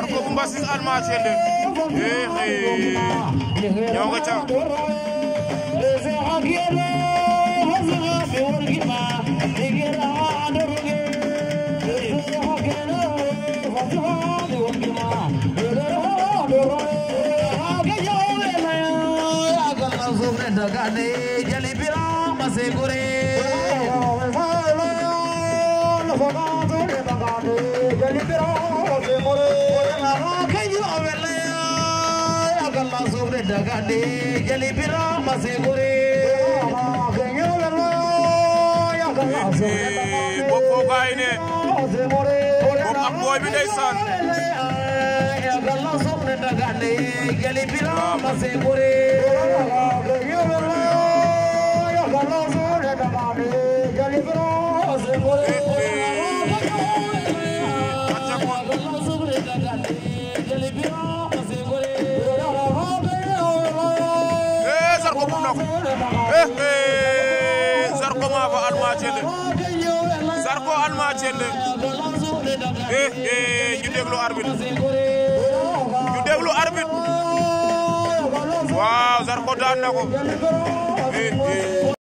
Garko Bumbasis Almachele. sufre daga de jali bira masigure bokko bayne bokko am boy bi ndeysan ya galla sufre daga de jali bira masigure na eh, eh, Zarko maa fa Alma Thiendé Zarko Alma Thiendé eh, eh ñu déglu arbitre ñu déglu arbitre waaw Zarko daan ko eh